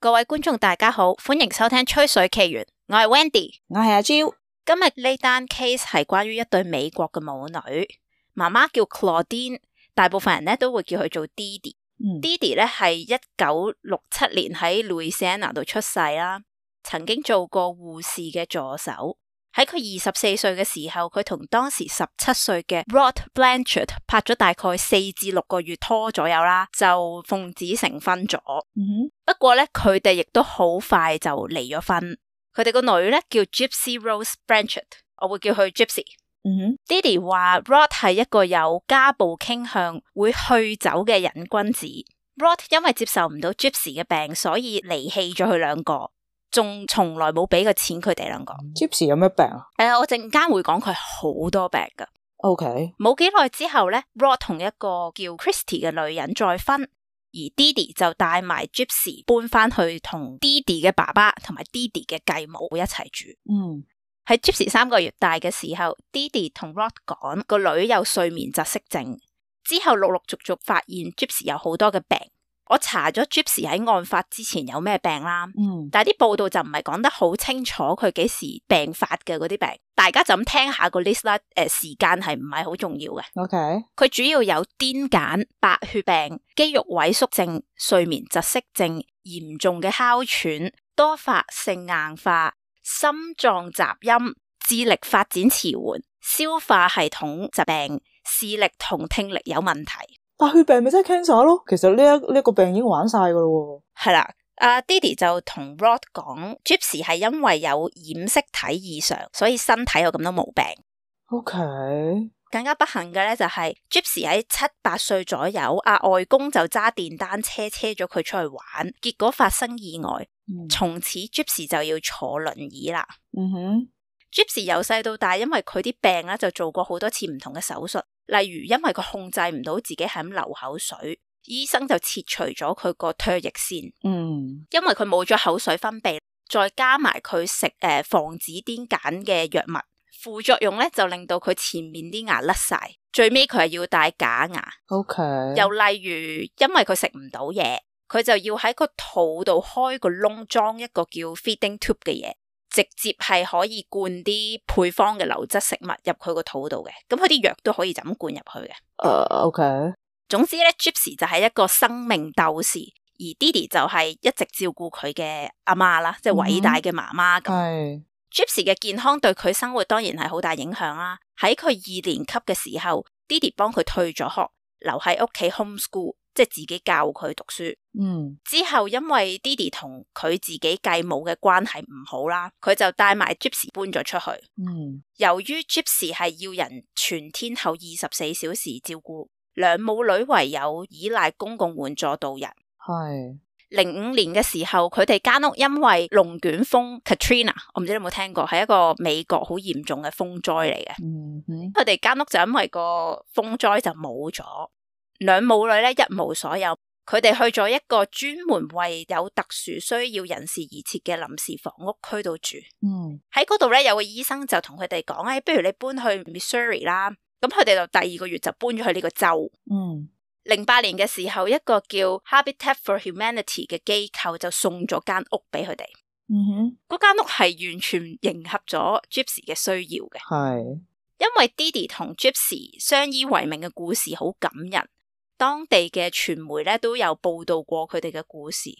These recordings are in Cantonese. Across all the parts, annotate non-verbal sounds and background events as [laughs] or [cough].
各位觀眾大家好，歡迎收聽吹水奇緣，我係 Wendy，我係阿蕉，今日呢單 case 係關於一對美國嘅母女，媽媽叫 Claudine，大部分人咧都會叫佢做 Didi，嗯，Didi 咧係一九六七年喺 Louisiana 度出世啦，曾經做過護士嘅助手。喺佢二十四歲嘅時候，佢同當時十七歲嘅 Rod Blanchard 拍咗大概四至六個月拖左右啦，就奉子成婚咗。嗯哼、mm，hmm. 不過咧，佢哋亦都好快就離咗婚。佢哋個女咧叫 Gypsy Rose Blanchard，我會叫佢 Gypsy。嗯哼，爹哋話 Rod 係一個有家暴傾向、會酗酒嘅癮君子。Rod 因為接受唔到 Gypsy 嘅病，所以離棄咗佢兩個。仲從來冇俾過錢佢哋兩個。Gypsy 有咩病啊？誒、 [music] 呃，我陣間會講佢好多病噶。O K。冇幾耐之後咧，Rod 同一個叫 Christy 嘅女人再婚，而 Dee Dee 就帶埋 Gypsy 搬翻去同 Dee Dee 嘅爸爸同埋 Dee Dee 嘅繼母一齊住。嗯。喺 [music] Gypsy 三個月大嘅時候 [music] ，Dee Dee 同 Rod 講個女有睡眠窒息症，之後陸陸續續發現 Gypsy 有好多嘅病。我查咗 Gypsy 喺案發之前有咩病啦、啊，嗯、但係啲報道就唔係講得好清楚佢幾時病發嘅嗰啲病，大家就咁聽下個 list 啦。誒，時間係唔係好重要嘅？OK，佢主要有癲癇、白血病、肌肉萎縮症、睡眠窒息症、嚴重嘅哮喘、多發性硬化、心臟雜音、智力發展遲緩、消化系統疾病、視力同聽力有問題。白血病咪即係 cancer 咯，其實呢一呢個病已經玩晒噶啦。係啦，阿 Dee Dee 就同 Rod 講 Gypsy 係因為有染色體異常，所以身體有咁多毛病。O K，更加不幸嘅咧就係、是、Gypsy 喺七八歲左右，阿外公就揸電單車車咗佢出去玩，結果發生意外，從、嗯、此 Gypsy 就要坐輪椅啦。嗯哼，Gypsy 由細到大，因為佢啲病咧就做過好多次唔同嘅手術。例如，因為佢控制唔到自己係咁流口水，醫生就切除咗佢個唾液腺。嗯，因為佢冇咗口水分泌，再加埋佢食誒防止癲癇嘅藥物，副作用咧就令到佢前面啲牙甩晒。最尾佢係要戴假牙。OK。又例如，因為佢食唔到嘢，佢就要喺個肚度開個窿裝一個叫 feeding tube 嘅嘢。直接係可以灌啲配方嘅流質食物入佢個肚度，嘅，咁佢啲藥都可以就咁灌入去嘅。誒、uh,，OK。總之咧 Gypsy 就係一個生命鬥士，而 Dee Dee 就係一直照顧佢嘅阿媽啦，即係偉大嘅媽媽咁。係 Gypsy 嘅健康對佢生活當然係好大影響啦、啊。喺佢二年級嘅時候 Dee Dee 幫佢退咗學，留喺屋企 homeschool。即係自己教佢讀書。嗯，之後因為 Dee Dee 同佢自己繼母嘅關係唔好啦，佢就帶埋 Gypsy 搬咗出去。嗯，由於 Gypsy 係要人全天候二十四小時照顧，兩母女唯有依賴公共援助度日。係零五年嘅時候，佢哋間屋因為龍捲風 Katrina，我唔知你有冇聽過，係一個美國好嚴重嘅風災嚟嘅。嗯，佢佢哋間屋就因為個風災就冇咗。兩母女咧一無所有，佢哋去咗一個專門為有特殊需要人士而設嘅臨時房屋區度住。嗯、mm，喺嗰度咧有個醫生就同佢哋講，誒不如你搬去 Missouri 啦。咁佢哋就第二個月就搬咗去呢個州。嗯、mm，零、hmm. 八年嘅時候，一個叫 Habitat for Humanity 嘅機構就送咗間屋俾佢哋。嗯哼、mm，嗰、hmm. 間屋係完全迎合咗 Gypsy 嘅需要嘅。係、mm，hmm. 因為 Dee Dee 同 Gypsy 相依為命嘅故事好感人。當地嘅傳媒咧都有報道過佢哋嘅故事，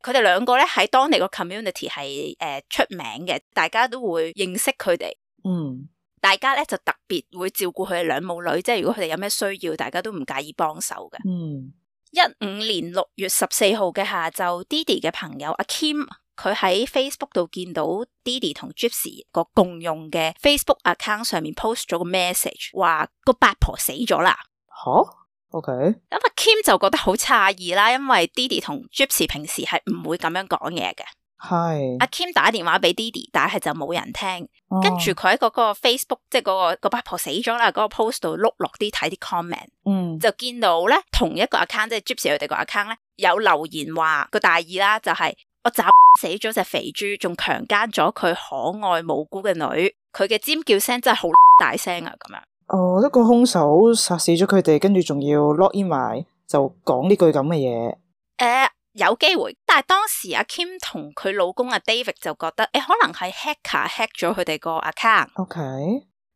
佢哋兩個咧喺當地個 community 係誒出名嘅，大家都會認識佢哋。嗯，大家咧就特別會照顧佢哋兩母女，即係如果佢哋有咩需要，大家都唔介意幫手嘅。嗯，一五年六月十四號嘅下晝，Dee Dee 嘅朋友阿 Kim 佢喺 Facebook 度見到 Dee Dee 同 Gypsy 個共用嘅 Facebook account 上面 post 咗個 message，話個八婆死咗啦。吓！OK，咁阿 Kim 就覺得好詫異啦，因為 Dee Dee 同 Gypsy 平時係唔會咁樣講嘢嘅。係，阿 Kim 打電話俾 Dee Dee，但係就冇人聽。跟住佢喺嗰個 Facebook，即係嗰、嗰個、嗰個八婆死咗啦，嗰、嗰個 post 度碌落啲睇啲 comment，嗯，mm. 就見到咧同一個 account，即係 Gypsy 佢哋個 account 咧，有留言話、個大意啦、就係，就係我找死咗隻肥豬，仲強奸咗佢可愛無辜嘅女，佢嘅尖叫聲真係好大聲啊，咁樣。哦，一個凶手殺死咗佢哋，跟住仲要 log in 埋，就講呢句咁嘅嘢。誒，有機會，但係當時阿、啊、Kim 同佢老公阿、啊、David 就覺得，誒、欸，可能係 hacker hack 咗佢哋個 account。OK，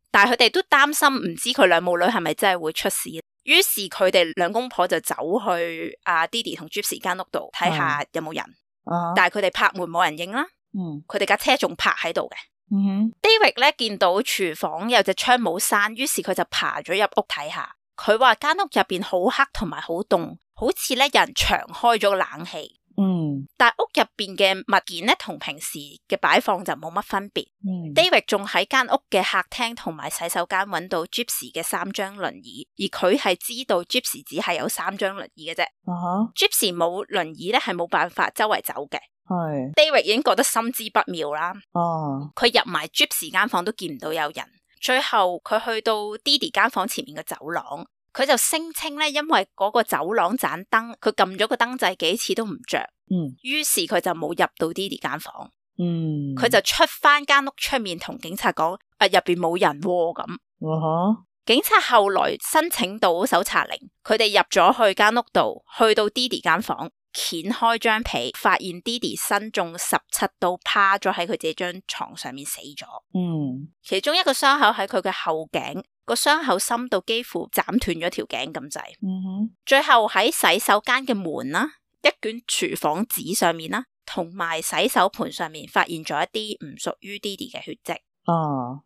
但係佢哋都擔心，唔知佢兩母女係咪真係會出事。於是佢哋兩公婆就走去阿 Dee Dee 同 Gypsy 間屋度睇下有冇人。哦、mm，hmm. 但係佢哋拍門冇人應啦。嗯、mm，佢哋架車仲泊喺度嘅。David 咧見到廚房有隻窗冇閂，於是佢就爬咗入屋睇下。佢話間屋入邊好黑同埋好凍，好似咧人長開咗冷氣。嗯，但屋入邊嘅物件咧同平時嘅擺放就冇乜分別。嗯，David 仲喺間屋嘅客廳同埋洗手間揾到 Gypsy 嘅三張輪椅，而佢係知道 Gypsy 只係有三張輪椅嘅啫。啊，Gypsy 冇輪椅咧係冇辦法周圍走嘅。係，David 已經覺得,得心知不妙啦。哦，佢入埋 Gypsy 間房都見唔到有人，最後佢去到 Dee Dee 間房前面嘅走廊，佢就聲稱咧，因為嗰個走廊盞燈，佢撳咗個燈掣幾次都唔着。嗯，於是佢就冇入到 Dee Dee 間房。嗯，佢就出翻間屋出面同警察講，誒、啊，入邊冇人咁、哦。哇哈！Uh huh. 警察後來申請到搜查令，佢哋入咗去間屋度，去到 Dee Dee 間房。掀開張被，發現 Dee Dee 身中十七刀，趴咗喺佢自己張床上面死咗。嗯，其中一個傷口喺佢嘅後頸，個傷口深到幾乎斬斷咗條頸咁滯。嗯哼，最後喺洗手間嘅門啦，一卷廚房紙上面啦，同埋洗手盆上面，發現咗一啲唔屬於 Dee Dee 嘅血跡。哦、啊，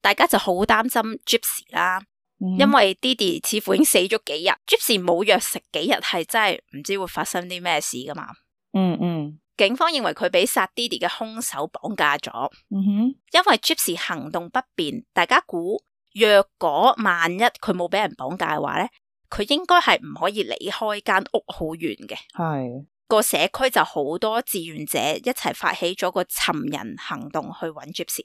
大家就好擔心 Gypsy 啦。因為 Dee Dee 似乎，已經死咗幾日 Gypsy 冇藥食幾日，係真係唔知會發生啲咩事噶嘛。嗯嗯，警方認為佢俾殺 Dee Dee 嘅凶手綁架咗。哼、嗯嗯，因為 Gypsy 行動不便，大家估若果萬一佢冇俾人綁架嘅話咧，佢應該係唔可以離開間屋好遠嘅。係是個社區就好多志願者一齊發起咗個尋人行動去搵 Gypsy。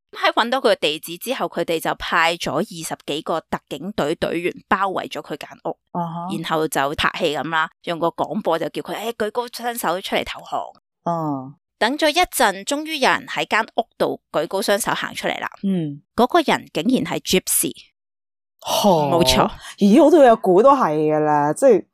喺搵到佢地址之後，佢哋就派咗二十幾個特警隊隊員包圍咗佢間屋，uh huh. 然後就拍戲咁啦，用個廣播就叫佢誒、哎、舉高雙手出嚟投降。哦、uh，huh. 等咗一陣，終於有人喺間屋度舉高雙手行出嚟啦。嗯、mm，嗰、hmm. 個人竟然係 Gypsy，冇錯。Huh. 咦，我都有估都係噶啦，即係。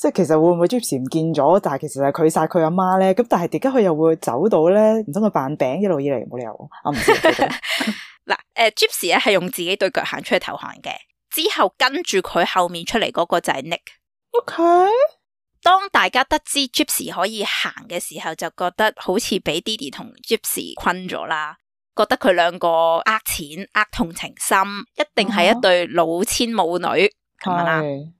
即係其實會唔會 Gypsy 唔見咗？但係其實係佢殺佢阿媽咧。咁但係點解佢又會走到咧，唔知佢扮餅一路以嚟，冇理由。嗱，誒，Gypsy 咧係用自己對腳行出去投降嘅。之後跟住佢後面出嚟嗰個就係 Nick。O.K. 當大家得知 Gypsy 可以行嘅時候，就覺得好似俾 Dee Dee 同 Gypsy 困咗啦。覺得佢兩個呃錢、呃同情心，一定係一對老千母女咁、啊啊、樣啦。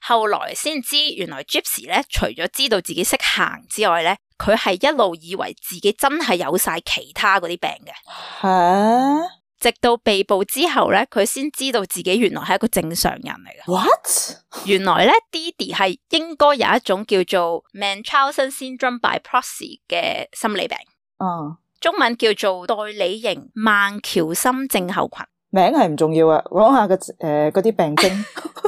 後來先知，原來 Gypsy 咧除咗知道自己識行之外咧，佢係一路以為自己真係有晒其他嗰啲病嘅。吓、啊！直到被捕之後咧，佢先知道自己原來係一個正常人嚟嘅。What？原來咧，Dee Dee 係應該有一種叫做 Munchausen Syndrome by Proxy 嘅心理病。哦、啊。中文叫做代理型孟喬森症候群。名係唔重要啊，講下個誒嗰啲病徵。 [laughs]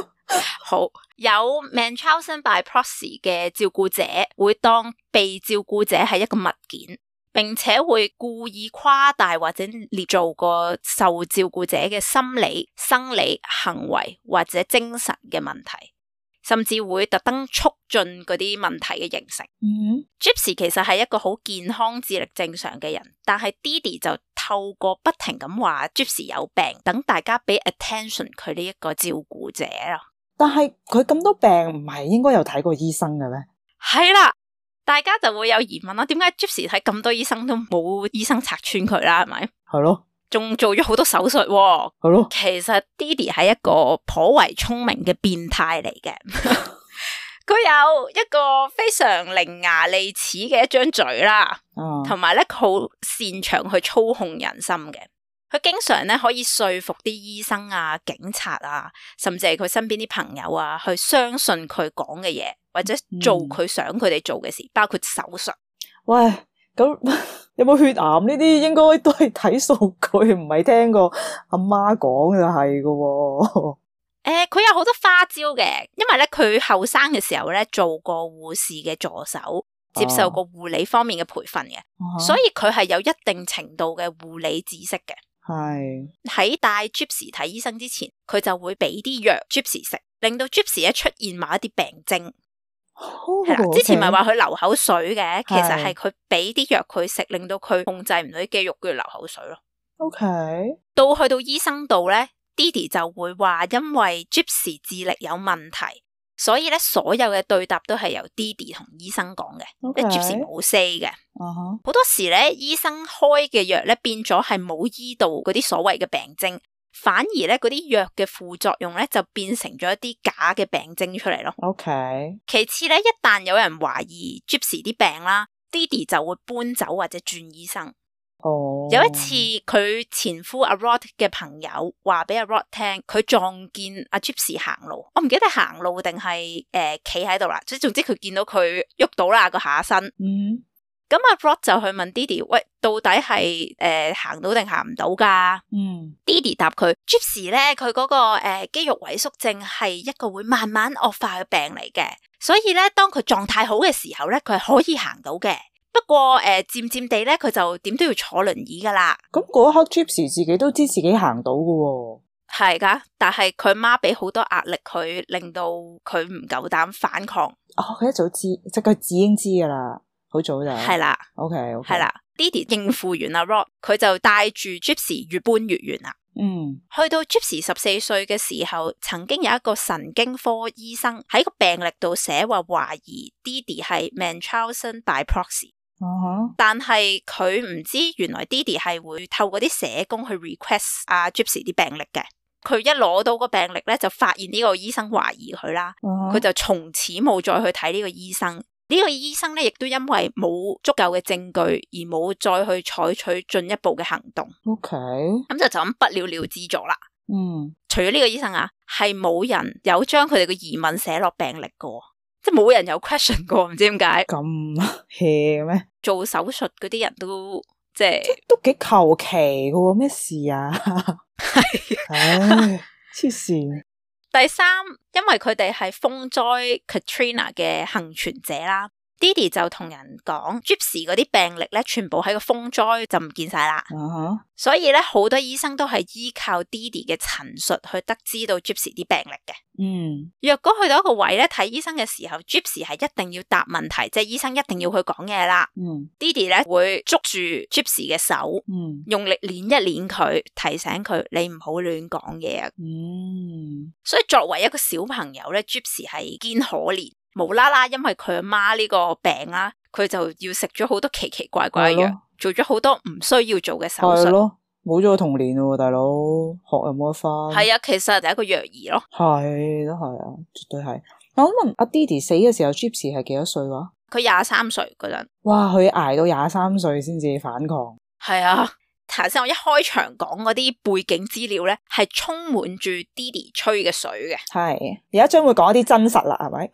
好，有 Munchausen by proxy 嘅照顧者會當被照顧者係一個物件，並且會故意誇大或者捏造個受照顧者嘅心理、生理、行為或者精神嘅問題，甚至會特登促進嗰啲問題嘅形成。Gypsy、mm hmm. Gypsy 其實係一個好健康、智力正常嘅人，但係 Dee Dee 就透過不停咁話 Gypsy 有病，等大家俾 attention 佢呢一個照顧者咯。但係佢咁多病，唔係應該有睇過醫生嘅咩？係啦，大家就會有疑問啦。點解 Gypsy 睇咁多醫生都冇醫生拆穿佢啦？係咪？係咯，仲做咗好多手術、哦。係咯，其實 Dee Dee 係一個頗為聰明嘅變態嚟嘅，佢 [laughs] 有一個非常伶牙俐齒嘅一張嘴啦，同埋咧佢好擅長去操控人心嘅。佢經常咧可以說服啲醫生啊、警察啊，甚至係佢身邊啲朋友啊，去相信佢講嘅嘢，或者做佢想佢哋做嘅事，嗯、包括手術。喂，咁有冇血癌呢？啲應該都係睇數據，唔係聽過阿媽講嘅、哦。係噶、欸。誒，佢有好多花招嘅，因為咧佢後生嘅時候咧做過護士嘅助手，接受過護理方面嘅培訓嘅，啊、所以佢係有一定程度嘅護理知識嘅。係喺帶 Gypsy 睇醫生之前，佢就會俾啲藥 Gypsy 食，令到 Gypsy 一出現埋一啲病症、oh,。係啦，之前咪話佢流口水嘅，Okay. 其實係佢俾啲藥佢食，令到佢控制唔到肌肉，佢流口水咯。O Okay . K，到去到醫生度呢 Dee Dee 就會話因為 Gypsy 智力有問題。所以咧，所有嘅對答都係由 Dee Dee 同醫生講嘅，Okay. 即係 Gypsy 冇 say 嘅。Uh-huh. 好多時咧，醫生開嘅藥咧，變咗係冇醫到嗰啲所謂嘅病徵，反而咧，嗰啲藥嘅副作用咧就變成咗一啲假嘅病徵出嚟咯。OK。其次咧，一旦有人懷疑 Gypsy 啲病啦，Dee Dee 就會搬走或者轉醫生。Oh. 有一次，佢前夫阿 Rod 嘅朋友話俾阿 Rod 聽，佢撞見阿 Gypsy 行路，我唔記得行路定係誒企喺度啦。所、呃、總之佢見到佢喐到啦個下身。嗯，咁阿 Rod 就去問 Dee Dee，喂，到底係誒、呃、行到定行唔到㗎？嗯、mm.，Dee Dee 答佢 Gypsy 咧，佢嗰、那個誒、呃、肌肉萎縮症係一個會慢慢惡化嘅病嚟嘅，所以咧當佢狀態好嘅時候咧，佢係可以行到嘅。不過誒，漸、呃、漸地咧，佢就點都要坐輪椅噶啦。咁嗰、嗯、一刻，Gypsy 自己都知自己行到噶喎、哦。係噶，但係佢媽俾好多壓力佢，令到佢唔夠膽反抗。哦，佢一早知，即係佢自己知噶啦，好早就係啦。的 OK，係啦，Dee Dee 應付完阿 Rod 佢就帶住 Gypsy 越搬越遠啦。嗯，去到 Gypsy 十四歲嘅時候，曾經有一個神經科醫生喺個病歷度寫話懷疑 Dee Dee 係 Munchausen by proxy。但係佢唔知原來 Dee Dee 係會透過啲社工去 request 阿、啊、Gypsy 啲病歷嘅，佢一攞到個病歷咧，就發現呢個醫生懷疑佢啦，佢、uh huh. 就從此冇再去睇呢個醫生，呢、這個醫生咧亦都因為冇足夠嘅證據而冇再去採取進一步嘅行動。OK，咁就就咁不了了、mm. 了之咗啦。嗯，除咗呢個醫生啊，係冇人有將佢哋嘅疑問寫落病歷噶。即係冇人有 question 過，唔知點解咁咩？做手術嗰啲人都即係，都幾求其嘅喎，咩事啊？係黐線！ [laughs] 第三，因為佢哋係風災 Katrina 嘅幸存者啦。Dee Dee 就同人講 Gypsy 嗰啲病歷咧，全部喺個風災就唔見晒啦。Uh huh. 所以咧，好多醫生都係依靠 Dee Dee 嘅陳述去得知到 Gypsy 啲病歷嘅。嗯、huh.，若果去到一個位咧，睇醫生嘅時候 Gypsy 係一定要答問題，即係醫生一定要去講嘢啦。Uh huh. Dee Dee 咧會捉住 Gypsy 嘅手，uh huh. 用力捏一捏佢，提醒佢你唔好亂講嘢。嗯、uh，huh. 所以作為一個小朋友咧 Gypsy 係堅可憐。無啦啦，因為佢阿媽呢個病啦、啊，佢就要食咗好多奇奇怪怪嘅藥，對咯 做咗好多唔需要做嘅手術。咯，冇咗個童年咯，大佬學又冇得翻。係啊，其實第一個藥兒咯。係都係啊，絕對係。我想問阿 Dee Dee 死嘅時候 Gypsy 係幾多歲話？佢廿三歲嗰陣。哇！佢挨到廿三歲先至反抗。係啊。頭先，我一開場講嗰啲背景資料咧，係充滿住 Dee Dee 吹嘅水嘅。係，而家將會講一啲真實啦，係咪？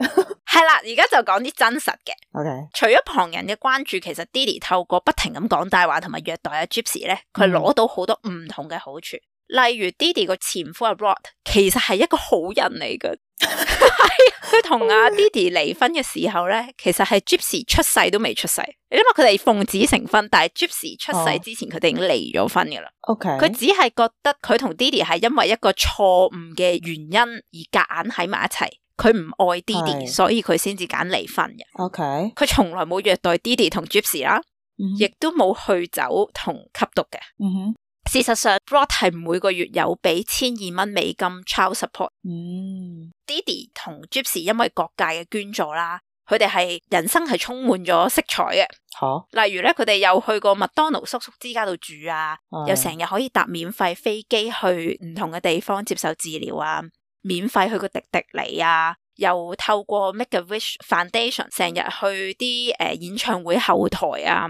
係 [laughs] 啦，而家就講啲真實嘅。OK，除咗旁人嘅關注，其實 Dee Dee 透過不停咁講大話同埋虐待阿 Gypsy 咧，佢攞到好多唔同嘅好處。Mm hmm. 例如 Dee Dee 個前夫阿 Rod 其實係一個好人嚟嘅。佢 [laughs] 同阿 Dee Dee 離婚嘅時候咧，其實係 Gypsy 出世都未出世，因為佢哋奉子成婚，但係 Gypsy 出世之前佢哋已經離咗婚噶啦。OK，佢只係覺得佢同 Dee Dee 係因為一個錯誤嘅原因而夾硬喺埋一齊，佢唔愛 Dee Dee，是所以佢先至揀離婚嘅。OK，佢從來冇虐待 Dee Dee 同 Gypsy 啦，亦、mm hmm. 都冇去走同吸毒嘅。嗯哼、mm。Hmm. 事實上，Broad 係每個月有俾千二蚊美金 child support。嗯，Dee Dee 同 Gypsy 因為各界嘅捐助啦，佢哋係人生係充滿咗色彩嘅。嚇哈，例如咧，佢哋又去過麥當勞叔叔，叔之家度住啊，嗯、又成日可以搭免費飛機去唔同嘅地方接受治療啊，免費去過迪迪尼啊，又透過 Make a Wish Foundation 成日去啲誒演唱會後台啊。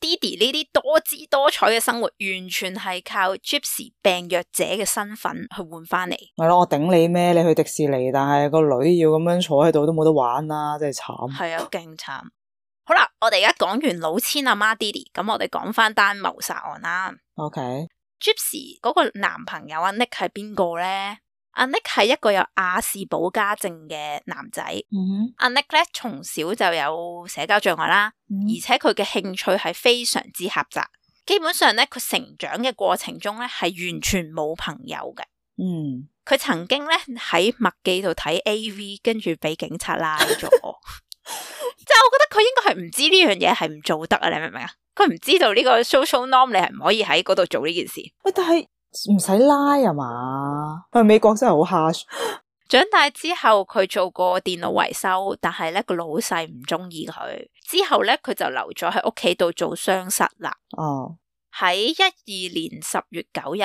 Dee Dee 呢啲多姿多彩嘅生活，完全係靠 Gypsy 病弱者嘅身份去換翻嚟。係咯、 [noise] [noise] 啊，我頂你咩？你去迪士尼，但係個女要咁樣坐喺度都冇得玩啦，真係慘。係啊，勁慘。好啦，我哋而家講完老千阿媽 Dee Dee，咁我哋講翻單謀殺案啦。OK，Gypsy Okay. 嗰個男朋友阿 Nick 係邊個咧？阿 Nick 係一個有亞氏保加症嘅男仔。阿 Nick 咧從小就有社交障礙啦，而且佢嘅興趣係非常之狹窄。基本上咧，佢成長嘅過程中咧係完全冇朋友嘅。嗯、mm，佢、hmm. 曾經咧喺麥記度睇 A V，跟住俾警察拉咗。即係 [laughs] [laughs] 我覺得佢應該係唔知呢樣嘢係唔做得啊！你明唔明啊？佢唔知道呢個 social norm 你係唔可以喺嗰度做呢件事。喂，但係。唔使拉係嘛，啊！美國真係好 harsh。長大之後佢做過電腦維修，但係咧個老細唔中意佢。之後咧佢就留咗喺屋企度做雙失啦。哦、oh.，喺一二年十月九日，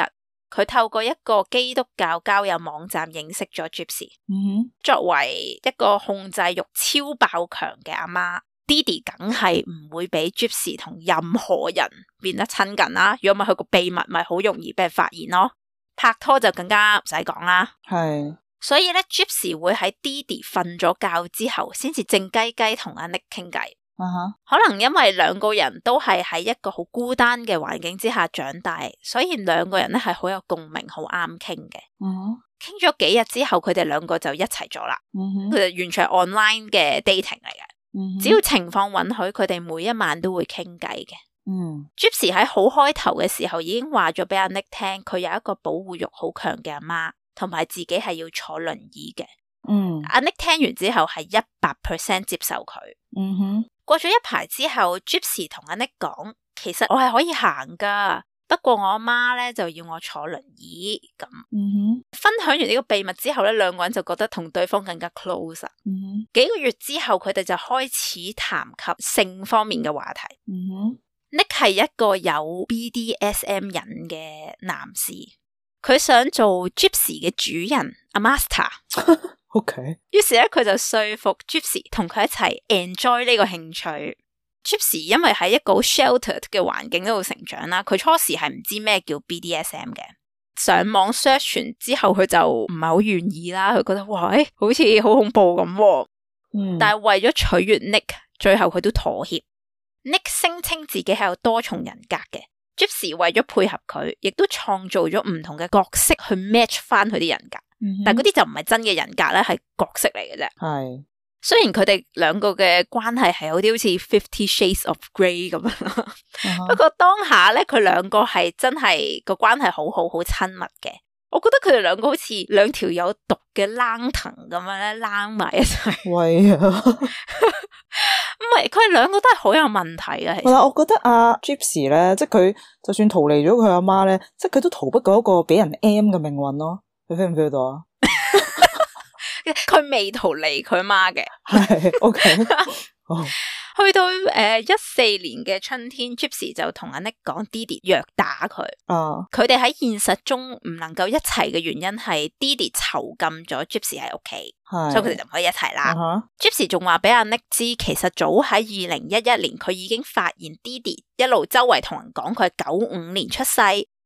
佢透過一個基督教交友網站認識咗 Gypsy、mm hmm. 作為一個控制慾超爆強嘅阿媽。Dee Dee 梗係唔會俾 Gypsy 同任何人變得親近啦，如果咪佢個秘密咪好容易俾人發現咯。拍拖就更加唔使講啦。係是，所以咧 Gypsy 會喺 Dee Dee 瞓咗覺之後，先至靜雞雞同阿 Nick 傾偈。Uh huh. 可能因為兩個人都係喺一個好孤單嘅環境之下長大，所以兩個人咧係好有共鳴，好啱傾嘅。哦、uh，傾、huh. 咗幾日之後，佢哋兩個就一齊咗啦。佢哋、uh huh. 完全係 online 嘅 dating 嚟嘅。只要情況允許，佢哋每一晚都會傾偈嘅。Gypsy 喺好開頭嘅時候已經話咗俾阿 Nick 聽，佢有一個保護欲好強嘅阿媽，同埋自己係要坐輪椅嘅。嗯、mm，阿、hmm. Nick 聽完之後係一百 percent 接受佢。嗯哼、mm，hmm. 過咗一排之後 Gypsy 同阿 Nick 講，其實我係可以行噶。不過我阿媽咧就要我坐輪椅咁。Mm hmm. 分享完呢個秘密之後咧，兩個人就覺得同對方更加 close 啊。Mm hmm. 幾個月之後，佢哋就開始談及性方面嘅話題。Mm hmm. Nick 係一個有 BDSM 人嘅男士，佢想做 Gypsy 嘅主人，阿 Master。 [laughs] OK。於是咧，佢就說服 Gypsy 同佢一齊 enjoy 呢個興趣。g y p s y 因為喺一個好 sheltered 嘅環境嗰度成長啦，佢初時係唔知咩叫 BDSM 嘅，上網 search 完之後佢就唔係好願意啦，佢覺得哇，誒、哎、好似好恐怖咁，嗯、但係為咗取悦 Nick，最後佢都妥協。Nick 聲稱自己係有多重人格嘅 g y p s y 為咗配合佢，亦都創造咗唔同嘅角色去 match 翻佢啲人格，嗯、哼但係嗰啲就唔係真嘅人格咧，係角色嚟嘅啫。係。雖然佢哋兩個嘅關係係有啲好似《Fifty Shades of Grey》咁樣，不過當下咧，佢兩個係真係個關係好好，好親密嘅。我覺得佢哋兩個好似兩條有毒嘅冷藤咁樣咧，拉埋一齊。喂啊！ [laughs] 唔係，佢哋兩個都係好有問題嘅。嗱，我覺得阿、啊、Gypsy 咧，即係佢就算逃離咗佢阿媽咧，即係佢都逃不過一個俾人 M 嘅命運咯。你 feel 唔 feel 到啊？ [laughs] 佢未逃離佢媽嘅，OK。 [laughs] [laughs] 去到誒一四年嘅春天，Gypsy 就同阿 Nick 講 Dee Dee 虐打佢。哦，佢哋喺現實中唔能夠一齊嘅原因係 Dee Dee 囚禁咗 Gypsy 喺屋企，所以佢哋就唔可以一齊啦。Gypsy 仲話俾阿 Nick 知，其實早喺二零一一年，佢已經發現 Dee Dee 一路周圍同人講佢係九五年出世，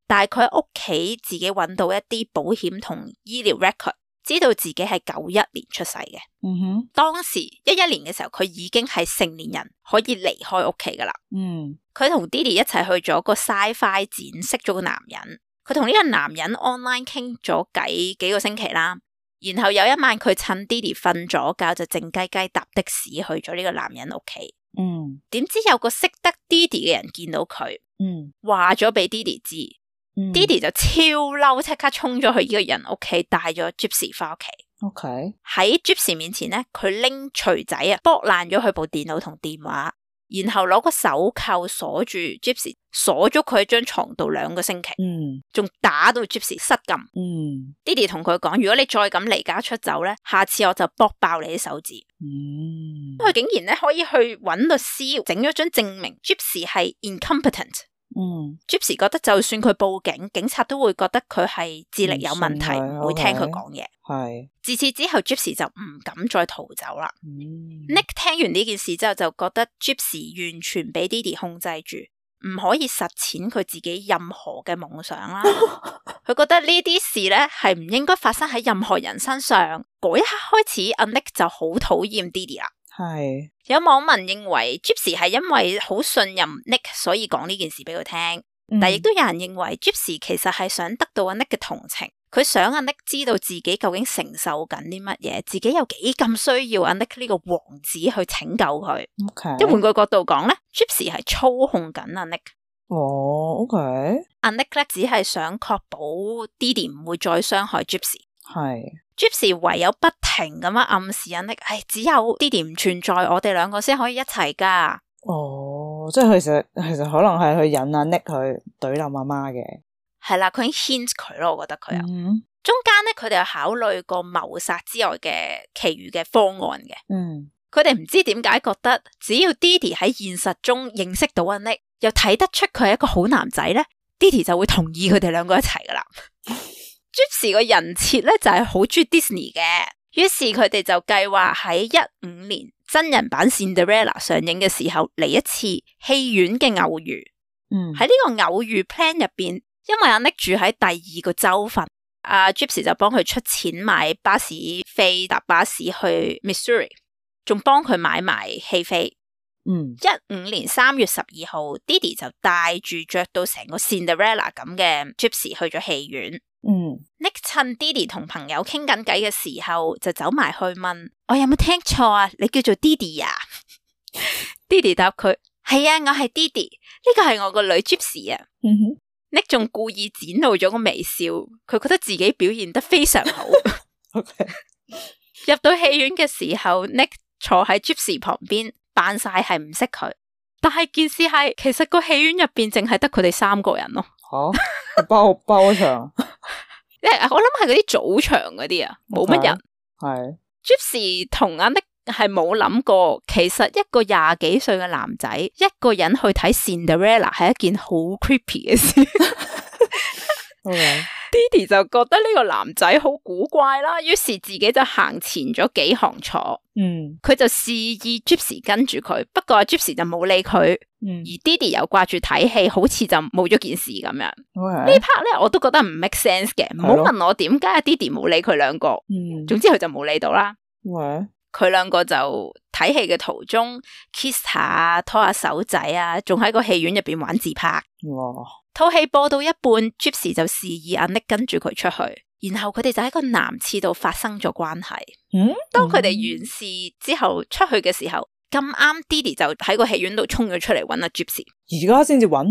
但係佢喺屋企自己揾到一啲保險同醫療 record。知道自己係九一年出世嘅，嗯哼、mm，hmm. 當時一一年嘅時候，佢已經係成年人，可以離開屋企噶啦，嗯、mm，佢、hmm. 同 Dee Dee 一齊去咗個 sci-fi 展，識咗個男人，佢同呢個男人 online 傾咗偈幾個星期啦，然後有一晚佢趁 Dee Dee 瞓咗覺，就靜雞雞搭的士去咗呢個男人屋企，嗯、mm，點、hmm. 知有個識得 Dee Dee 嘅人見到佢，嗯、mm，話咗俾 Dee Dee 知。Dee Dee 就超嬲，即刻衝咗去呢個人屋企，帶咗 Gypsy 翻屋企。OK。喺 Gypsy 面前咧，佢拎錘仔啊，剝爛咗佢部電腦同電話，然後攞個手扣鎖住 Gypsy，鎖咗佢喺張床度兩個星期。嗯。仲打到 Gypsy 失禁。嗯。Dee Dee 同佢講，如果你再咁離家出走咧，下次我就剝爆你啲手指。嗯。佢竟然咧可以去揾律師，整咗張證明 Gypsy 係 incompetent。嗯，Gypsy、mm. 覺得就算佢報警，警察都會覺得佢係智力有問題，唔會聽佢講嘢。係 Okay. 自此之後 Gypsy 就唔敢再逃走啦。Mm. Nick 聽完呢件事之後，就覺得 Gypsy 完全俾 Dee Dee 控制住，唔可以實踐佢自己任何嘅夢想啦。佢 [laughs] 覺得呢啲事咧係唔應該發生喺任何人身上。嗰一刻開始，阿 Nick 就好討厭 Dee Dee 啊。係有網民認為 Gypsy 係因為好信任 Nick，所以講呢件事俾佢聽。嗯、但亦都有人認為 Gypsy 其實係想得到阿 Nick 嘅同情，佢想阿 Nick 知道自己究竟承受緊啲乜嘢，自己有幾咁需要阿 Nick 呢個王子去拯救佢。OK。即係換個角度講咧 Gypsy 係操控緊阿 Nick。哦、oh,，OK。阿 Nick 咧只係想確保 Dee Dee 唔會再傷害 Gypsy 係。Gypsy 唯有不停咁樣暗示阿 Nick，、哎、只有 Dee Dee 唔存在，我哋兩個先可以一齊噶。哦，即係其實其實可能係去引啊 Nick 佢懟冧阿媽嘅。係啦，佢已經 hint 佢咯，我覺得佢啊。嗯、中間咧，佢哋有考慮過謀殺之外嘅其餘嘅方案嘅。嗯，佢哋唔知點解覺得只要 Dee Dee 喺現實中認識到阿 Nick 又睇得出佢係一個好男仔咧，Dee Dee 就會同意佢哋兩個一齊噶啦。 [laughs] Gypsy 嘅人設咧就係好中意 Disney 嘅，於是佢哋就計劃喺一五年真人版《Cinderella》上映嘅時候嚟一次戲院嘅偶遇。嗯，喺呢個偶遇 plan 入邊，因為阿 Nick 住喺第二個州份，阿、啊、Gypsy 就幫佢出錢買巴士飛搭巴士去 Missouri，仲幫佢買埋戲飛。嗯，一五年三月十二號，Dee Dee 就帶住着，着到成個《Cinderella》咁嘅 Gypsy 去咗戲院。嗯，Nick 趁 Dee Dee 同朋友傾緊偈嘅時候，就走埋去問：我有冇聽錯啊？你叫做 Dee Dee 呀？Dee Dee 答佢：係 [laughs] 啊，我係 Dee Dee，呢個係我個女 Gypsy 啊。嗯哼，Nick 仲故意展露咗個微笑，佢覺得自己表現得非常好。 [laughs] [laughs] Okay. 入到戲院嘅時候，Nick 坐喺 Gypsy 旁邊，扮晒係唔識佢。但係件事係，其實個戲院入邊淨係得佢哋三個人咯。吓包包場，誒，我諗係嗰啲早場嗰啲啊，冇乜人。係 Gypsy 同阿 Nick 係冇諗過，其實一個廿幾歲嘅男仔一個人去睇《Cinderella》係一件好 creepy 嘅事。Dee Dee 就覺得呢個男仔好古怪啦，於是自己就行前咗幾行坐，嗯，佢就示意 Gypsy 跟住佢，不過阿 Gypsy 就冇理佢，嗯、而 Dee Dee 又掛住睇戲，好似就冇咗件事咁樣。Okay. 呢 part 咧我都覺得唔 make sense 嘅，唔好的問我點解阿 Dee Dee 冇理佢兩個，嗯、總之佢就冇理到啦。佢 Okay. 兩個就睇戲嘅途中 kiss 下、啊，拖下手仔啊，仲喺個戲院入邊玩自拍。哇。套戲播到一半，Gypsy 就示意阿 Nick 跟住佢出去，然後佢哋就喺個男廁度發生咗關係。嗯，當佢哋完事之後出去嘅時候，咁啱 Dee Dee 就喺個戲院度衝咗出嚟揾阿 Gypsy。而家先至揾？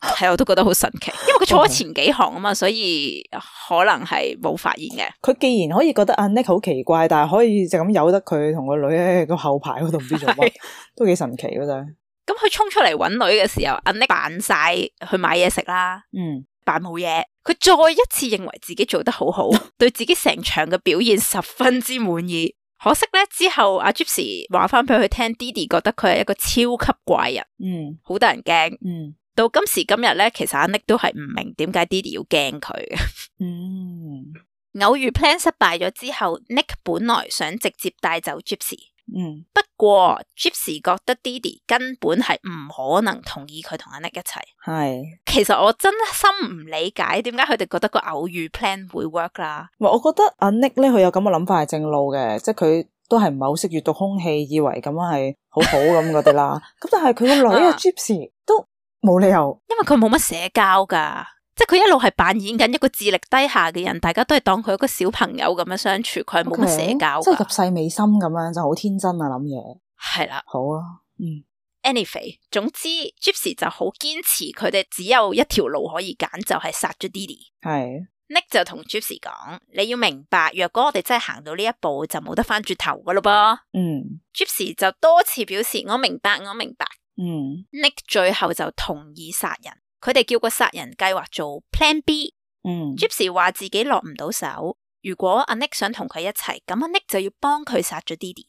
係 [laughs] 我都覺得好神奇，因為佢坐咗前幾行啊嘛，Okay. 所以可能係冇發現嘅。佢既然可以覺得阿 Nick 好奇怪，但係可以就咁由得佢同個女喺個後排嗰度唔知做乜，的都幾神奇噶咋。咁佢衝出嚟揾女嘅時候，阿 Nick 扮晒去買嘢食啦，嗯，扮冇嘢。佢再一次認為自己做得好好， [laughs] 對自己成場嘅表現十分之滿意。 [laughs] 可惜呢，之後，阿 Gypsy 話翻俾佢聽，Dee Dee 覺得佢係一個超級怪人，嗯，好得人驚，嗯。到今時今日呢，其實阿 Nick 都係唔明點解 Dee Dee 要驚佢嘅， [laughs] 嗯。 [laughs] 偶遇 plan 失敗咗之後，Nick 本來想直接帶走 Gypsy 嗯。嗯過 Gypsy 覺得 Dee Dee 根本係唔可能同意佢同阿 Nick 一齊，係是其實我真心唔理解點解佢哋覺得個偶遇 plan 會 work 啦。我覺得阿 Nick 咧，佢有咁嘅諗法係正路嘅，即係佢都係唔係好識閱讀空氣，以為咁係好好咁嗰啲啦。咁但係佢個女 Gypsy [laughs] 都冇理由，因為佢冇乜社交噶。即係佢一路係扮演緊一個智力低下嘅人，大家都係當佢一個小朋友咁樣相處，佢係冇乜社交，okay, 即係入世未深咁樣，就好天真啊諗嘢。係啦，好啊，嗯，anyway，總之 Gypsy 就好堅持，佢哋只有一條路可以揀，就係殺咗 Dee Dee。係，Nick 就同 Gypsy 講：你要明白，若果我哋真係行到呢一步，就冇得翻轉頭噶咯噃。嗯 Gypsy 就多次表示：我明白，我明白。嗯，Nick 最後就同意殺人。佢哋叫個殺人計劃做 Plan B。嗯，Gypsy 話自己落唔到手。如果阿 Nick 想同佢一齊，咁阿 Nick 就要幫佢殺咗 Dee Dee。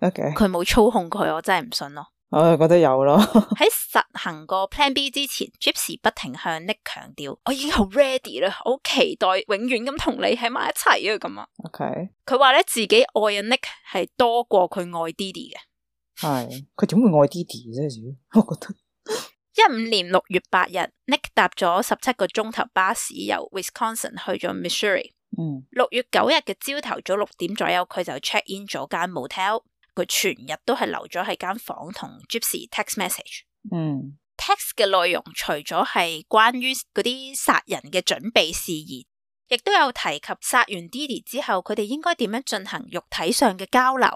O.K. 佢冇操控佢，我真係唔信咯。我就覺得有咯。喺 [laughs] 實行過 Plan B 之前，Gypsy 不停向 Nick 強調：我已經好 ready 啦，好期待永遠咁同你喺埋一齊啊咁啊。O.K. 佢話咧自己愛阿 Nick 係多過佢愛 Dee Dee 嘅。係，佢點會愛 Dee Dee 啫？我覺得。一五年六月八日，Nick 搭咗十七個鐘頭巴士由 Wisconsin 去咗 Missouri。嗯。六月九日嘅朝頭早六點左右，佢就 check in 咗間 motel，佢全日都係留咗喺間房同 Gypsy text message。嗯。text 嘅內容除咗係關於嗰啲殺人嘅準備事宜，亦都有提及殺完 Dee Dee 之後，佢哋應該點樣進行肉體上嘅交流。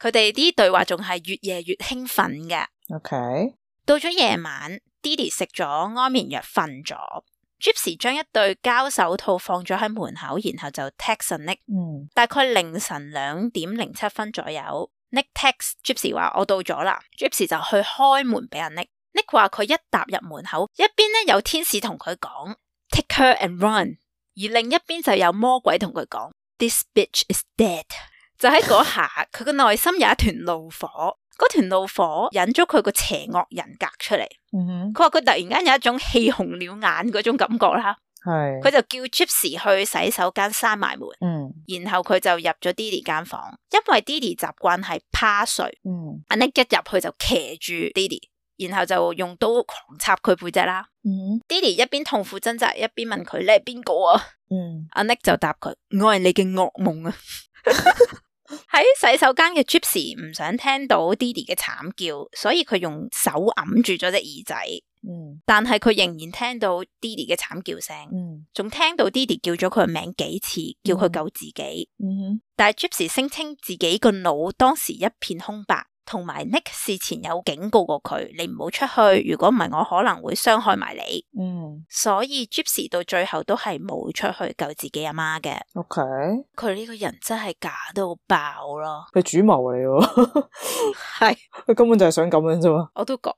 佢哋啲對話仲係越夜越興奮嘅。OK。到咗夜晚。Dee Dee 食咗安眠藥瞓咗 Gypsy 將一對膠手套放咗喺門口，然後就 text Nick。嗯，大概凌晨兩點零七分左右，Nick text Gypsy 話我到咗啦 Gypsy 就去開門俾阿 Nick。Nick 話佢一踏入門口，一邊咧有天使同佢講 Take her and run，而另一邊就有魔鬼同佢講 This bitch is dead。就喺嗰下，佢嘅內心有一團怒火。嗰團怒火引咗佢個邪惡人格出嚟，佢話佢突然間有一種氣紅了眼嗰種感覺啦，佢、mm hmm. 就叫 Gypsy 去洗手間閂埋門，mm hmm. 然後佢就入咗 Dee Dee 間房，因為 Dee Dee 習慣係趴睡，mm hmm. 阿 Nick 一入去就騎住 Dee Dee，然後就用刀狂插佢背脊啦，Dee Dee 一邊痛苦掙扎，一邊問佢你係邊個啊？Mm hmm. 阿 Nick 就答佢我係你嘅噩夢啊！ [laughs] [laughs] 喺洗手間嘅 Gypsy 唔想聽到 Dee Dee 嘅慘叫，所以佢用手揞住咗隻耳仔。但係佢仍然聽到 Dee Dee 嘅慘叫聲，仲聽到 Dee Dee 叫咗佢嘅名幾次，叫佢救自己。但係 Gypsy 聲稱自己個腦當時一片空白。同埋 Nick 事前有警告過佢，你唔好出去，如果唔係我可能會傷害埋你。嗯，所以 Gypsy 到最後都係冇出去救自己阿媽嘅。OK，佢呢個人真係假到爆咯，佢主謀嚟嘅，係佢根本就係想咁樣啫嘛。 [laughs] 我都覺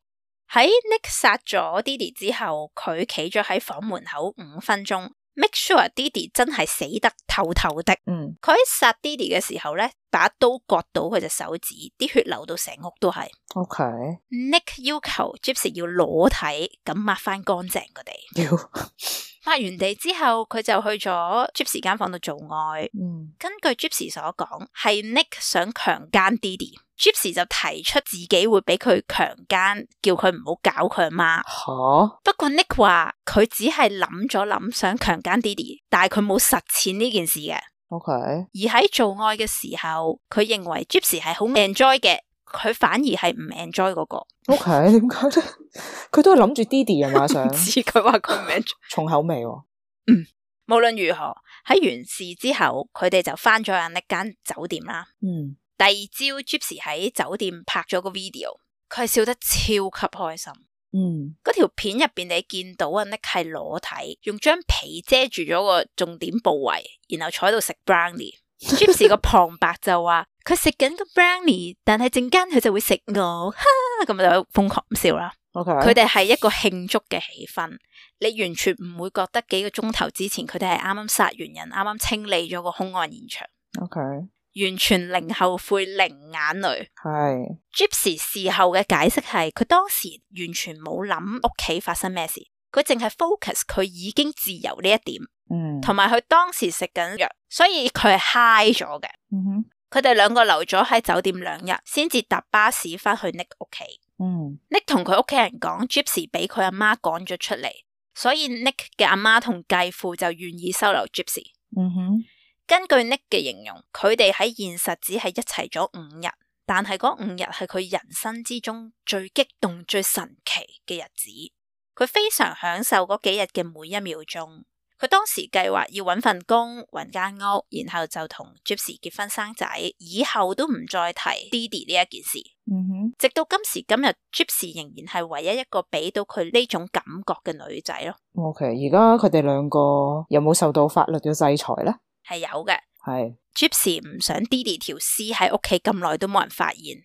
喺 Nick 殺咗 Dee Dee 之後，佢企咗喺房門口五分鐘。Make sure Dee Dee 真係死得透透的。嗯，佢喺殺 Dee Dee 嘅時候咧，把刀割到佢隻手指，啲血流到成屋都係。OK。Nick 要求 Gypsy 要裸體咁抹翻乾淨佢哋。 [laughs] 發完地之後，佢就去咗 Gypsy 間房度做愛。嗯、根據 Gypsy 所講，係 Nick 想強姦 Dee Dee。Gypsy 就提出自己會俾佢強姦，叫佢唔好搞佢阿媽。吓哈，不過 Nick 話佢只係諗咗諗想強姦 Dee Dee，但係佢冇實踐呢件事嘅。O Okay . K，而喺做愛嘅時候，佢認為 Gypsy 係好 enjoy 嘅。佢反而係唔 enjoy 嗰個。OK，點解咧？佢都係諗住 Dee Dee 啊嘛，唔知佢話佢唔 enjoy 重口味、哦。嗯，無論如何喺完事之後，佢哋就翻咗阿 Nick 間酒店啦。嗯，第二朝 Gypsy 喺酒店拍咗個 video，佢係笑得超級開心。嗯，嗰條片入邊你見到阿 Nick 係裸體，用張被遮住咗個重點部位，然後坐喺度食 brownie。Gypsy 個旁白就話。 [laughs] 佢食緊個 brownie，但係陣間佢就會食我，哈哈，咁就瘋狂笑啦。佢哋係一個慶祝嘅氣氛，你完全唔會覺得幾個鐘頭之前佢哋係啱啱殺完人，啱啱清理咗個兇案現場。OK，完全零後悔，零眼淚。係 Gypsy Hi .事後嘅解釋係，佢當時完全冇諗屋企發生咩事，佢淨係 focus 佢已經自由呢一點。嗯，同埋佢當時食緊藥，所以佢係嗨咗嘅。哼、mm。Hmm. 佢哋兩個留咗喺酒店兩日，先至搭巴士翻去 Nick 屋企。嗯、mm hmm.，Nick 同佢屋企人講，Gypsy 俾佢阿媽趕咗出嚟，所以 Nick 嘅阿媽同繼父就願意收留 Gypsy。嗯哼，hmm. 根據 Nick 嘅形容，佢哋喺現實只係一齊咗五日，但係嗰五日係佢人生之中最激動、最神奇嘅日子，佢非常享受嗰幾日嘅每一秒鐘。佢當時計劃要揾份工、揾間屋，然後就同 Gypsy 結婚生仔，以後都唔再提 Dee Dee 呢一件事。嗯、哼直到今時今日，Gypsy 仍然係唯一一個俾到佢呢種感覺嘅女仔咯。OK，而家佢哋兩個有冇受到法律嘅制裁咧？係有嘅。係 Gypsy 唔想 Dee Dee 條屍喺屋企咁耐都冇人發現。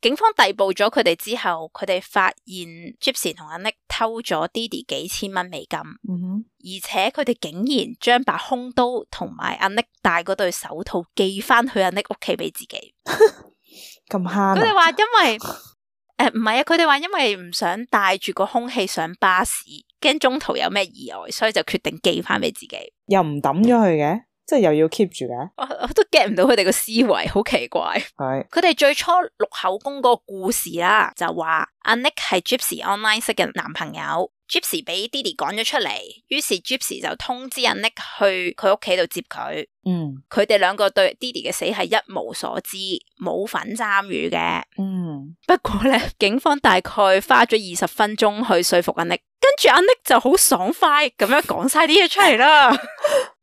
警方逮捕咗佢哋之後，佢哋發現 Gypsy 同阿 Nick 偷咗 Dee Dee 幾千蚊美金，嗯、哼而且佢哋竟然將把凶刀同埋阿 Nick 戴嗰對手套寄翻去阿 Nick 屋企俾自己。咁慳！佢哋話因為誒唔係啊，佢哋話因為唔想帶住個凶器上巴士，驚中途有咩意外，所以就決定寄翻俾自己，又唔抌咗佢嘅。 [laughs] 即又要 keep 住嘅，我我都 get 唔到佢哋個思維好奇怪。係佢哋最初錄口供嗰個故事啦，就話阿 Nick 係 Gypsy Online 識嘅男朋友。Gypsy 俾 Dee Dee 趕咗出嚟，於是 Gypsy 就通知阿 Nick 去佢屋企度接佢。嗯，佢哋兩個對 Dee Dee 嘅死係一無所知，冇份參與嘅。嗯，不過咧，警方大概花咗二十分鐘去說服阿 Nick，跟住阿 Nick 就好爽快咁樣講晒啲嘢出嚟啦。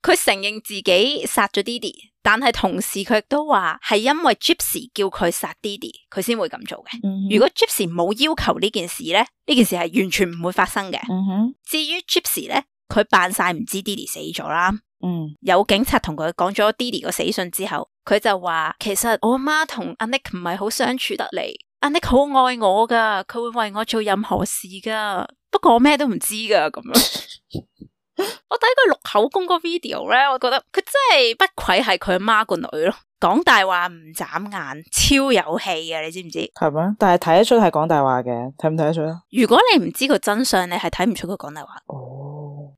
佢 [laughs] [laughs] 承認自己殺咗 Dee Dee。但係同時佢亦都話係因為 Gypsy 叫佢殺 Dee Dee，佢先會咁做嘅。Hmm. 如果 Gypsy 冇要求呢件事咧，呢件事係完全唔會發生嘅。Mm hmm. 至於 Gypsy 咧，佢扮晒唔知 Dee Dee 死咗啦。Mm hmm. 有警察同佢講咗 Dee Dee 個死訊之後，佢就話，其實我阿媽同阿 Nick 唔係好相處得嚟，阿 Nick 好愛我噶，佢會為我做任何事噶。不過我咩都唔知噶咁樣。 [laughs] 我睇佢錄口供個 video 咧，我覺得佢真係不愧係佢阿媽個女咯，講大話唔眨眼，超有戲啊！你知唔知？係咩？但係睇得出係講大話嘅，睇唔睇得出啊？如果你唔知個真相，你係睇唔出佢講大話。哦。Oh.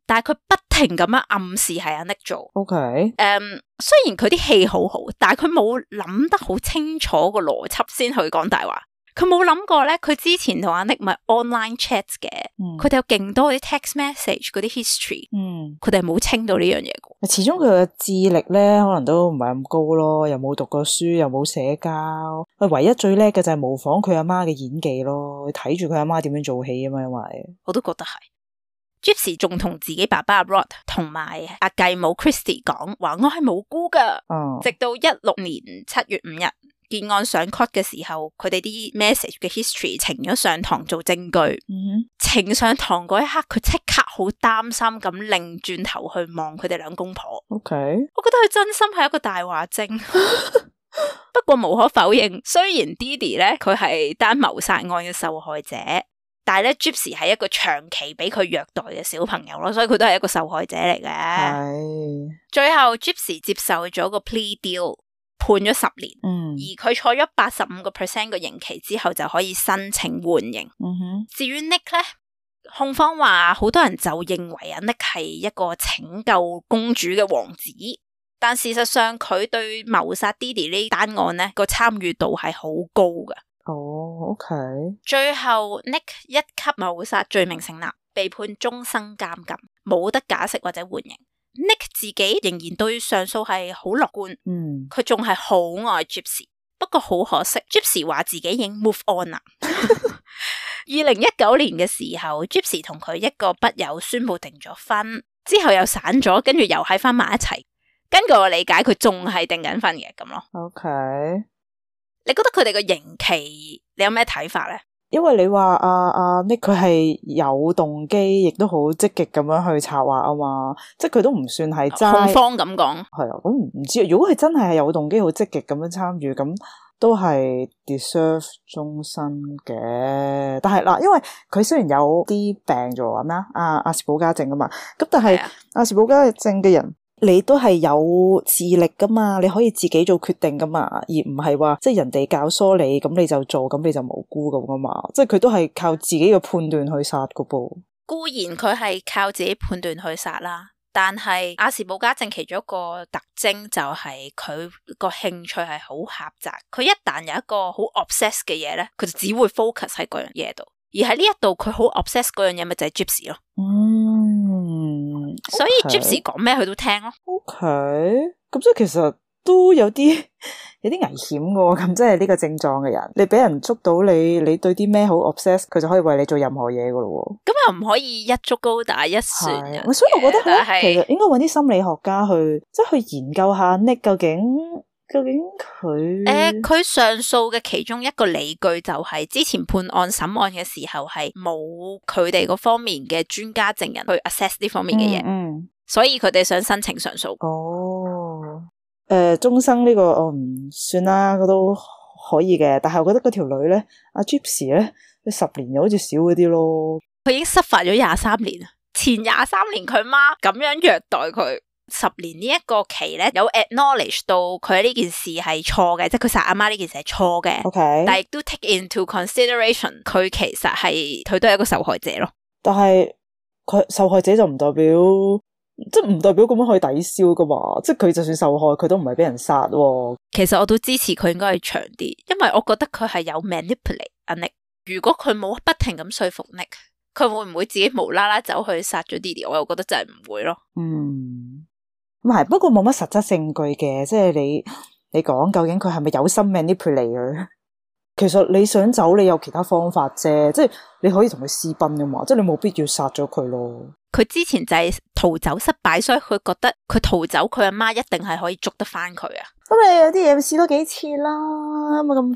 但係佢不停咁樣暗示係阿 Nick 做。O K。誒，雖然佢啲戲好好，但係佢冇諗得好清楚個邏輯先去講大話。佢冇諗過咧，佢之前同阿 Nick 咪 online chat 嘅，佢哋、嗯、有勁多啲 text message 嗰啲 history，佢哋係、嗯、冇清到呢樣嘢嘅。始終佢嘅智力咧，可能都唔係咁高咯，又冇讀過書，又冇社交，佢唯一最叻嘅就係模仿佢阿媽嘅演技咯，睇住佢阿媽點樣做戲啊嘛，因為我都覺得係 Gypsy 仲同自己爸爸阿 Rod 同埋阿繼母 Christie 講話，我係無辜噶，嗯、直到一六年七月五日。見案上 court 嘅時候，佢哋啲 message 嘅 history 呈咗上堂做證據。呈、mm hmm. 上堂嗰一刻，佢即刻好擔心咁，另轉轉頭去望佢哋兩公婆。Okay. 我覺得佢真心係一個大話精。 [laughs] 不過無可否認，雖然 Dee Dee 咧佢係單謀殺案嘅受害者，但係咧 Gypsy 係一個長期俾佢虐待嘅小朋友咯，所以佢都係一個受害者嚟嘅。係是最後 Gypsy 接受咗個 plea deal。判咗十年，嗯、而佢坐咗八十五個 percent 嘅刑期之後就可以申請緩刑。嗯、哼至於 Nick 咧，控方話好多人就認為啊，Nick 係一個拯救公主嘅王子，但事實上佢對謀殺 Dee Dee 呢單案咧個參與度係好高嘅。哦，OK。最後 Nick 一級謀殺罪名成立，被判終身監禁，冇得假釋或者緩刑。Nick 自己仍然對上訴係好樂觀，嗯，佢仲係好愛 Gypsy 不過好可惜 Gypsy 話自己已經 move on 啦。二零一九年嘅時候 Gypsy 同佢一個筆友宣布定咗婚，之後又散咗，跟住又喺翻埋一齊。根據我理解，佢仲係定緊婚嘅咁咯。OK，你覺得佢哋個刑期你有咩睇法咧？因為你話阿阿 Nick 佢係有動機，亦都好積極咁樣去策劃啊嘛，即係佢都唔算係。恐方咁講。係啊，咁唔知，如果係真係係有動機，好積極咁樣參與，咁都係 deserve 終身嘅。但係嗱，因為佢雖然有啲病咗，話咩啊，阿、啊啊、士保加症啊嘛，咁但係阿 Yeah.、啊、士堡加症嘅人。你都係有智力噶嘛你可以自己做決定噶嘛而唔係話即係人哋教唆你咁你就做，咁你就無辜咁噶嘛即係佢都係靠自己嘅判斷去殺噶噃固然佢係靠自己判斷去殺啦，但係阿士保加症其中一個特徵就係佢個興趣係好狹窄，佢一旦有一個好 obsess 嘅嘢咧，佢就只會 focus 喺嗰樣嘢度，而喺呢一度佢好 obsess 嗰樣嘢咪就係 Gypsy 咯。嗯。所以 Gypsy 講咩佢都聽咯。OK，咁即係其實都有啲 [laughs] 有啲危險嘅，咁即係呢個症狀嘅人，你俾人捉到你，你對啲咩好 obsess，佢就可以為你做任何嘢噶咯。咁 [noise] 又唔可以一竹篙打一船。所以我覺得是其實應該搵啲心理學家去，即係，去研究下呢究竟。究竟佢，誒、呃，佢上訴嘅其中一個理據就係之前判案審案嘅時候係冇佢哋嗰方面嘅專家證人去 assess 呢方面嘅嘢，嗯嗯、所以佢哋想申請上訴。哦，誒、呃，終生呢、這個我唔、嗯、算啦，佢都可以嘅，但係我覺得嗰條女咧，阿、啊、Gypsy 咧，佢十年又好似少嗰啲咯。佢已經失發咗廿三年啊！前廿三年佢媽咁樣虐待佢。十年呢一個期咧，有 acknowledge 到佢呢件事係錯嘅，即係佢殺阿媽呢件事係錯嘅。Okay. 但係亦都 take into consideration，佢其實係佢都係一個受害者咯。但係佢受害者就唔代表，即係唔代表咁樣可以抵消噶嘛。即係佢就算受害，佢都唔係俾人殺。其實我都支持佢應該係長啲，因為我覺得佢係有 manipulative。如果佢冇不停咁說服 Nick，佢會唔會自己無啦啦走去殺咗 Dee Dee？我又覺得就係唔會咯。嗯。係，不過冇乜實質證據嘅，即係你你講究竟佢係咪有心 manipulator？其實你想走，你有其他方法啫，即係你可以同佢私奔噶嘛，即係你冇必要殺咗佢咯。佢之前就係逃走失敗，所以佢覺得佢逃走，佢阿媽一定係可以捉得返佢啊。咁、嗯、你有啲嘢試多幾次啦，咁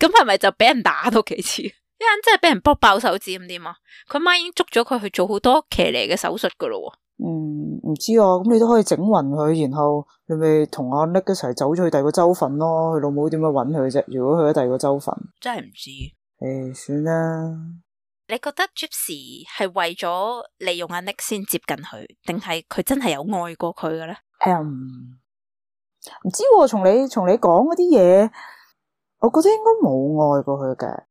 咁係咪就俾人打多幾次？ [laughs] 一陣真係俾人剝爆手指咁點啊？佢媽已經捉咗佢去做好多騎呢嘅手術噶啦。嗯，唔知啊，咁、嗯、你都可以整勻佢，然後你咪同阿 Nick 一齊走咗去第二個州份咯。佢老母點樣揾佢啫？如果去咗第二個州份，真係唔知。誒、嗯，算啦。你覺得 Gypsy 係為咗利用阿 Nick 先接近佢，定係佢真係有愛過佢嘅咧？嗯、唔知、啊。從你從你講嗰啲嘢，我覺得應該冇愛過佢嘅。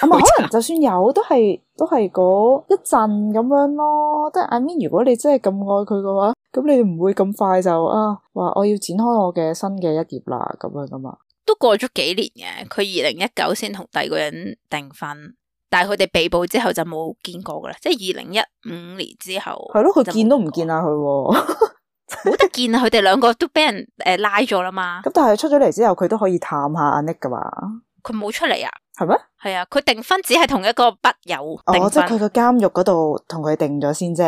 咁、嗯、差可能就算有，都係都係嗰一陣咁樣咯。即係 I mean, 如果你真係咁愛佢嘅話，咁你唔會咁快就啊話我要展開我嘅新嘅一頁啦咁樣噶嘛？都過咗幾年嘅，佢二零一九先同第二個人訂婚，但係佢哋被捕之後就冇見過噶啦，即係二零一五年之後。係咯，佢見都唔見下佢，冇得見，佢哋兩個都俾人誒、呃、拉咗啦嘛。咁但係出咗嚟之後，佢都可以探下阿 Nick 噶嘛。佢冇出嚟啊？係咩嗎？係啊，佢訂婚只係同一個筆友。定、哦。即係佢個監獄嗰度同佢定咗先啫。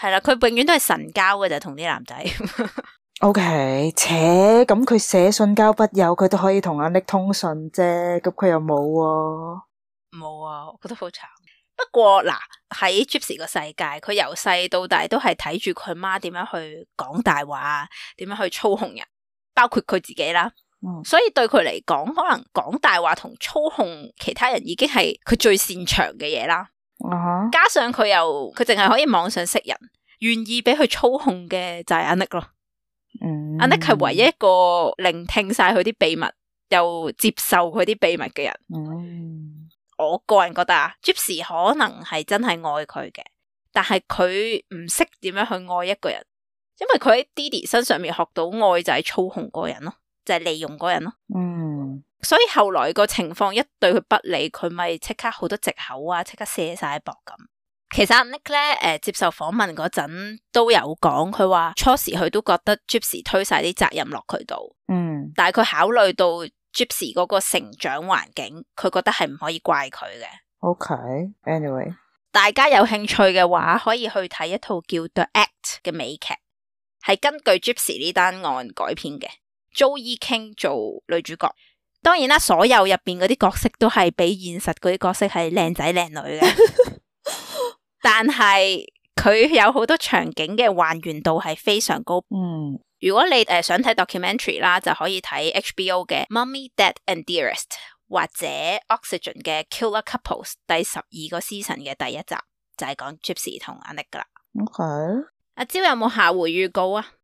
係啦、啊，佢永遠都係神交嘅就同啲男仔。 [laughs] o、okay, K，且咁佢寫信交筆友，佢都可以同阿 Nick 通訊啫。咁、嗯、佢又冇喎、啊，冇啊，我覺得好慘。不過嗱喺 Gypsy 個世界，佢由細到大都係睇住佢媽點樣去講大話，點樣去操控人，包括佢自己啦。所以對佢嚟講，可能講大話同操控其他人已經係佢最擅長嘅嘢啦。Uh huh. 加上佢又佢淨係可以網上識人，願意俾佢操控嘅就係阿 Nick 咯。Uh huh. 阿 Nick 係唯一一個聆聽晒佢啲秘密又接受佢啲秘密嘅人。Uh huh. 我個人覺得啊 Gypsy 可能係真係愛佢嘅，但係佢唔識點樣去愛一個人，因為佢喺 Dee Dee 身上面學到愛就係操控個人咯。就係利用嗰人咯，嗯，mm. 所以後來個情況一對佢不理，佢咪即刻好多藉口啊，即刻卸晒膊咁。其實 Nick 咧誒、呃，接受訪問嗰陣都有講，佢話初時佢都覺得 Gypsy 推晒啲責任落佢度，嗯，mm. 但係佢考慮到 Gypsy 嗰個成長環境，佢覺得係唔可以怪佢嘅。OK，anyway，大家有興趣嘅話可以去睇一套叫《The Act》嘅美劇，係根據 Gypsy 呢單案改編嘅。Joey King 做女主角，當然啦，所有入邊嗰啲角色都係比現實嗰啲角色係靚仔靚女嘅， [laughs] 但係佢有好多場景嘅還原度係非常高。嗯，如果你誒想睇 documentary 啦，就可以睇 HBO 嘅 Mummy, Dad e and Dearest 或者 Oxygen 嘅 Killer Couples 第十二個 s 神嘅第一集，就係、是、講 Gypsy 同 Alex 噶啦。o k 阿招有冇下回預告啊？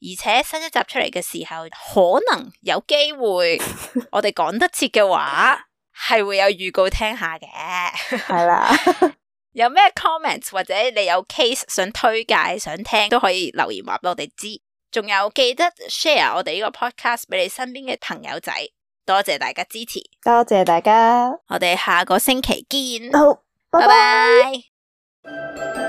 而且新一集出嚟嘅時候，可能有機會 [laughs] 我哋講得切嘅話，係會有預告聽下嘅。係 [laughs] 啦， [laughs] [laughs] 有咩 comments 或者你有 case 想推介想聽，都可以留言話俾我哋知。仲有記得 share 我哋呢個 podcast 俾你身邊嘅朋友仔。多謝大家支持，多謝大家，我哋下個星期見。好，拜拜。拜拜。